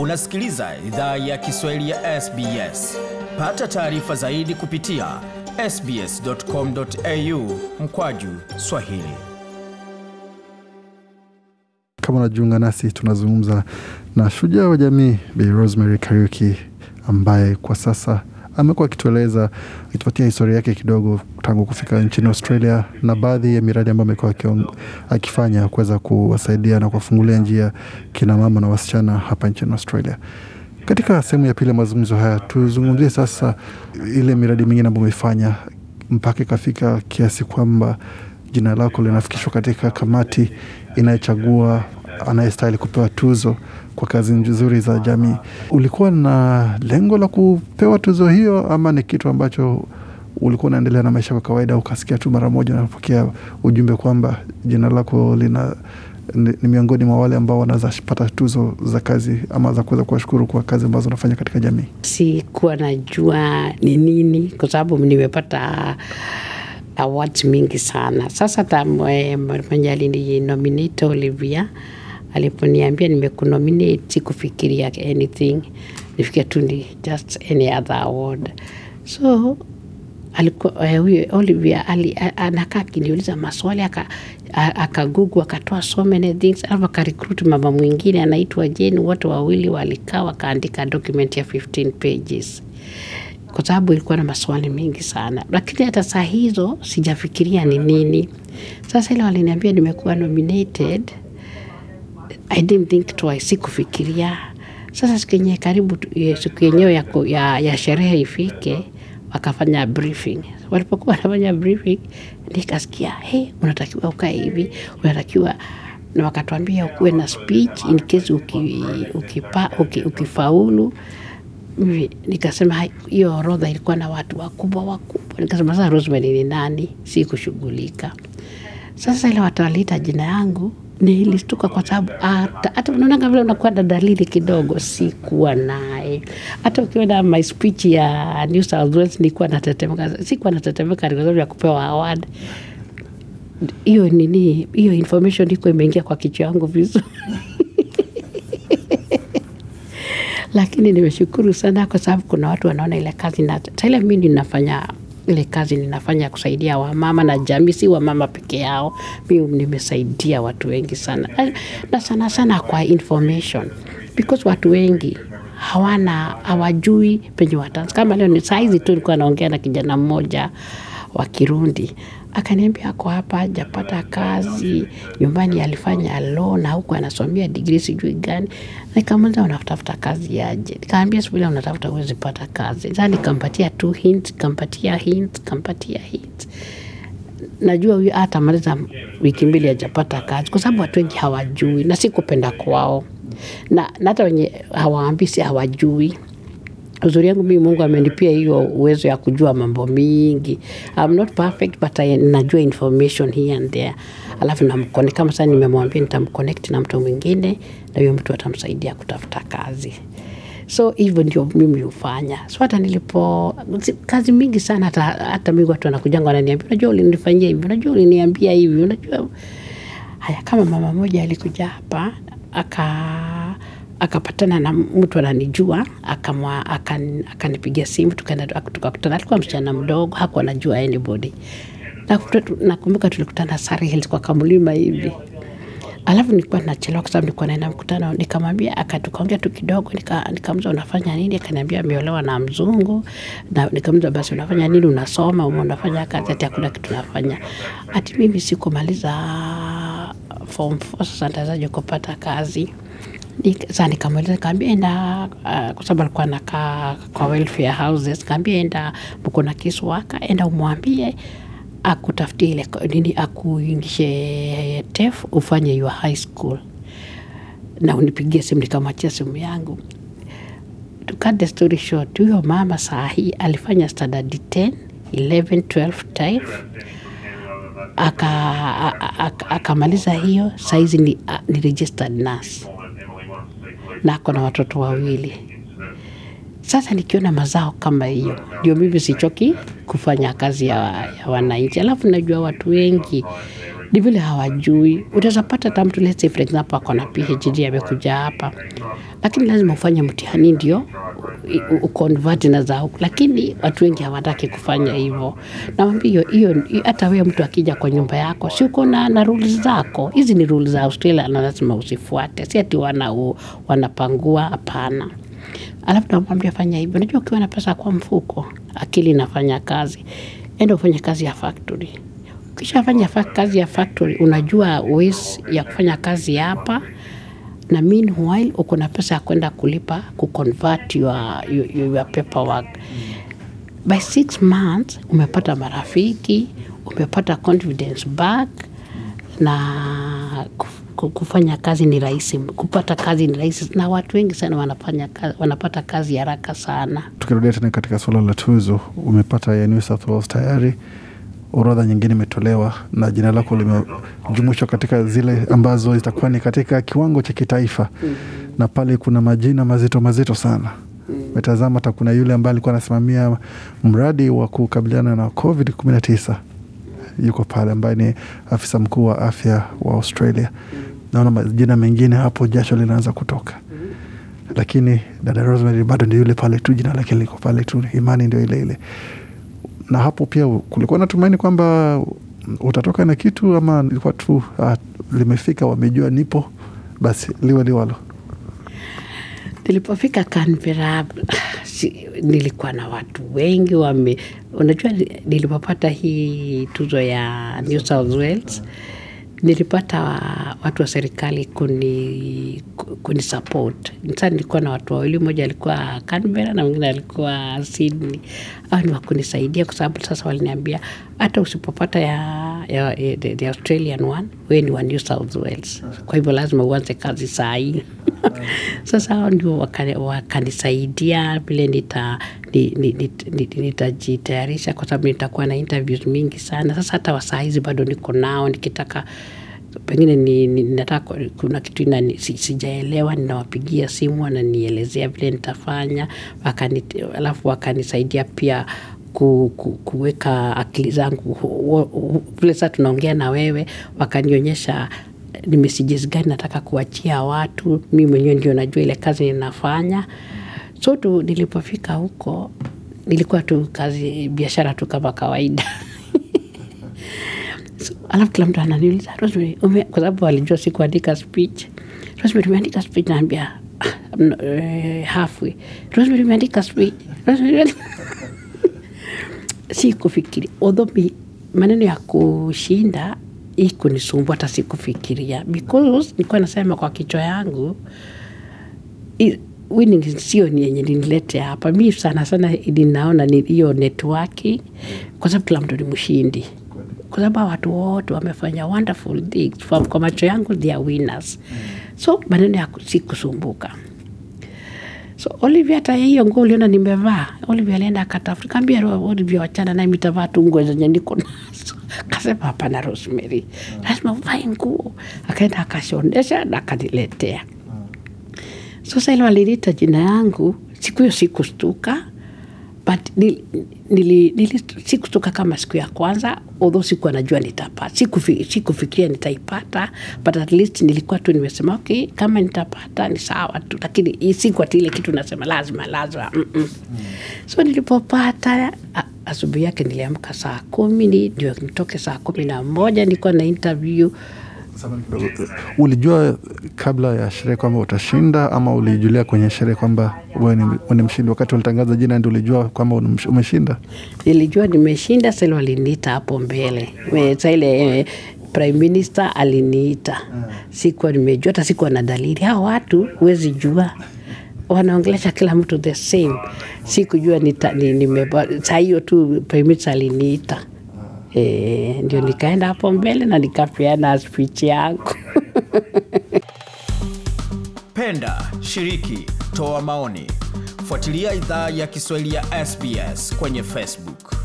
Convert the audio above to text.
Unasikiliza idhaa ya Kiswahili ya SBS. Pata taarifa zaidi kupitia sbs.com.au mkwaju Swahili. Kama unajiunga nasi, tunazungumza na shujaa wa jamii Bi Rosemary Kariuki ambaye kwa sasa amekuwa akitueleza akitupatia historia yake kidogo tangu kufika nchini Australia na baadhi ya miradi ambayo amekuwa akifanya kuweza kuwasaidia na kuwafungulia njia kina mama na wasichana hapa nchini Australia. Katika sehemu ya pili ya mazungumzo haya, tuzungumzie sasa ile miradi mingine ambayo umefanya mpaka ikafika kiasi kwamba jina lako linafikishwa katika kamati inayochagua anayestahili kupewa tuzo kwa kazi nzuri za jamii. Ulikuwa na lengo la kupewa tuzo hiyo ama ni kitu ambacho ulikuwa unaendelea na maisha kwa kawaida, ukasikia tu mara moja unapokea ujumbe kwamba jina lako lina ni, ni miongoni mwa wale ambao wanawezapata tuzo za kazi ama za kuweza kuwashukuru kwa kazi ambazo wanafanya katika jamii? Sikuwa najua ni nini, kwa sababu nimepata awards mingi sana. Sasa tamwe Mwanjali nominate Olivia aliponiambia nimekunominate, kufikiria anything, nifikia tu ni just any other award. So eh, huyo uh, Olivia eh, anakaa akiniuliza maswali akagugu aka akatoa so many things, alafu akarecruit mama mwingine anaitwa Jane. Wote wawili walikaa wakaandika document ya 15 pages kwa sababu ilikuwa na maswali mengi sana, lakini hata saa hizo sijafikiria ni nini. Sasa ile waliniambia nimekuwa nominated I didn't think twice, sikufikiria. Sasa siku yenyewe karibu siku yenyewe ya, ya, ya sherehe ifike, wakafanya briefing. Walipokuwa wanafanya briefing, nikasikia hey, unatakiwa ukae hivi, unatakiwa na wakatuambia ukuwe na speech in case uki, ukipa, uki, ukifaulu. Nikasema hiyo orodha ilikuwa na watu wakubwa wakubwa, nikasema sasa Rosemary ni nani? Sikushughulika. Sasa ile watalita jina yangu nilistuka kwa sababu hata hata unaonanga vile unakuwa na dalili kidogo, sikuwa naye. Hata ukiona my speech ya New South Wales nilikuwa natetemeka, sikuwa natetemeka kwa sababu ya kupewa award hiyo. Nini hiyo information iko imeingia kwa kichwa yangu vizuri lakini nimeshukuru sana kwa sababu kuna watu wanaona ile kazi na ile mimi ninafanya ile kazi ninafanya kusaidia wamama na jamii, si wamama peke yao. Mimi nimesaidia watu wengi sana, na sana sana kwa information because watu wengi hawana hawajui penye wataanza. Kama leo ni saizi tu nilikuwa naongea na kijana mmoja wa Kirundi Akaniambia ako hapa ajapata kazi, nyumbani alifanya lo na huku anasomia digri sijui gani. Nikamuuliza unatafuta kazi aje? nikaambia siku unatafuta uwezipata kazi. sa nikampatia t hints, kampatia Najua huyu hatamaliza wiki mbili ajapata kazi kwa sababu watu wengi hawajui na si kupenda kwao. Na hata wenye hawaambisi hawajui uzuri yangu mimi Mungu amenipia hiyo uwezo ya kujua mambo mingi. I'm not perfect but I najua information here and there. Alafu namconnect kama sasa nimemwambia nitamconnect na mtu mwingine na huyo mtu atamsaidia kutafuta kazi. So hivyo ndio mimi hufanya. So hata nilipo kazi mingi sana hata, hata mimi watu wanakujanga wananiambia unajua ulinifanyia hivi, unajua uliniambia hivi, unajua. Haya kama mama moja alikuja hapa aka akapatana na mtu ananijua, akamwa akanipigia akan simu, tukaenda tukakutana. Alikuwa msichana mdogo, hakuwa anajua anybody. Nakumbuka na tulikutana Sari Hills kwa kamlima hivi, alafu nilikuwa nachelewa kwa sababu nilikuwa naenda mkutano. Nikamwambia akatukaongea tu kidogo, nikamza nika unafanya nini? Akaniambia ameolewa na mzungu, na nikamza basi unafanya nini? Unasoma ume unafanya kazi? hati hakuna kitu nafanya, hati mimi sikumaliza form four, sasa nitawezaje kupata kazi? Sasa nikamweleza kaambia, enda uh, kwa sababu alikuwa anakaa kwa welfare houses, kaambia enda Mukuna Kiswaka, enda umwambie akutafutie ile nini, akuingishe TEF ufanye your high school na unipigie simu. Nikamwachia simu yangu. To the story short, huyo mama saa hii alifanya standard 10 11 12 type akamaliza aka, aka hiyo saizi ni, ni registered nurse na ako na watoto wawili. Sasa nikiona mazao kama hiyo, ndio mimi sichoki kufanya kazi ya, ya wananchi. Alafu najua watu wengi ni vile hawajui. Utazapata hata mtu let's say for example ako na PhD amekuja hapa, lakini lazima ufanye mtihani ndio uconvert na zao, lakini watu wengi hawataki kufanya hivyo. Naambia hiyo, hata wewe mtu akija kwa nyumba yako, si uko na, na rules zako? Hizi ni rules za Australia na lazima usifuate, si ati wana u, wanapangua, hapana. Alafu namwambia fanya hivyo. Unajua, ukiwa na pesa kwa mfuko, akili inafanya kazi, enda ufanye kazi ya factory ukishafanya kazi ya factory unajua ways ya kufanya kazi hapa na meanwhile uko na pesa ya kwenda kulipa ku convert your, your, your paperwork. mm. By six months umepata marafiki, umepata confidence back na kufanya kazi ni rahisi, kupata kazi ni rahisi, na watu wengi sana wanafanya kazi, wanapata kazi haraka sana. Tukirudia tena katika suala la tuzo, umepata ya New South Wales tayari orodha nyingine imetolewa na jina lako limejumuishwa katika zile ambazo zitakuwa ni katika kiwango cha kitaifa mm. na pale kuna majina mazito mazito sana umetazama mm-hmm. hata kuna yule ambaye alikuwa anasimamia mradi wa kukabiliana na covid 19 yuko pale ambaye ni afisa mkuu wa afya wa Australia mm. naona majina mengine hapo jasho linaanza kutoka mm. lakini dada Rosemary bado ndio yule pale tu jina lake liko pale tu imani ndio ile ile na hapo pia kulikuwa na tumaini kwamba utatoka na kitu ama ilikuwa tu ah, limefika, wamejua nipo, basi liwe liwalo. Nilipofika kanpera nilikuwa na watu wengi wame, unajua nilipopata hii tuzo ya New South Wales Nilipata watu wa serikali kuni, kuni support. Sasa nilikuwa na watu wawili mmoja alikuwa Canberra na mwingine alikuwa Sydney. au ni wakunisaidia kwa sababu sasa waliniambia hata usipopata ya, ya, ya the, the Australian one, wewe ni wa New South Wales. Kwa hivyo lazima uanze kazi saa hii. Sasa hao ndio wakanisaidia vile nitajitayarisha, kwa sababu nitakuwa na interviews mingi sana. Sasa hata wasaa hizi bado niko nao nikitaka pengine ni, ni, nataka kuna kitu ina, si, sijaelewa, ninawapigia simu wananielezea vile nitafanya alafu wakanisaidia pia ku, ku, kuweka akili zangu vile saa tunaongea na wewe wakanionyesha ni messages gani nataka kuachia watu, mi mwenyewe ndio najua ile kazi ninafanya. So tu nilipofika huko nilikuwa tu kazi biashara tu kama kawaida. So, alafu kila mtu ananiuliza kwa sababu walijua sikuandika speech. Rosemary, umeandika speech? Naambia ah, eh, halfway. Rosemary, umeandika speech? Rosemary, si kufikiri odhobi maneno ya kushinda ikunisumbua kunisumbua hata sikufikiria because nilikuwa nasema kwa kichwa yangu winning sio ni yenye nilete hapa mi sana sana ninaona ni hiyo networking kwa sababu kila mtu ni mshindi kwa sababu watu wote wamefanya wonderful things kwa macho yangu they are winners so maneno ya sikusumbuka So Olivia hata hiyo nguo uliona nimevaa, Olivia alienda akatafuta, kaambia Olivia, wachana naye, mitavaa tu nguo zenye niko nazo. Kasema hapana, Rosemary, lazima uvae nguo. Akaenda akashondesha na akaniletea. Mm. Sasa ile walilita jina yangu, siku hiyo sikustuka but nili, nili, nili, sikutoka kama siku ya kwanza although sikuwa najua nitapata sikufikiria siku nitaipata but at least nilikuwa tu nimesema okay kama nitapata ni sawa tu lakini siku tu ile kitu nasema lazima lazima mm -mm. Mm. so nilipopata asubuhi yake niliamka saa kumi ndio nitoke saa kumi na moja nilikuwa na interview Ulijua kabla ya sherehe kwamba utashinda ama ulijulia kwenye sherehe kwamba wewe ni mshindi? Wakati ulitangaza jina ndi ulijua kwamba umeshinda? Nilijua nimeshinda, sali waliniita hapo mbele, saile ile eh, Prime Minister aliniita. Sikuwa nimejua, hata sikuwa na dalili. Hao watu huwezi jua wanaongelesha kila mtu the same. Sikujua nita, ni, saa hiyo tu Prime Minister aliniita. E, ndio nikaenda hapo mbele na nikapeana spichi yangu. Penda, shiriki, toa maoni. Fuatilia idhaa ya Kiswahili ya SBS kwenye Facebook.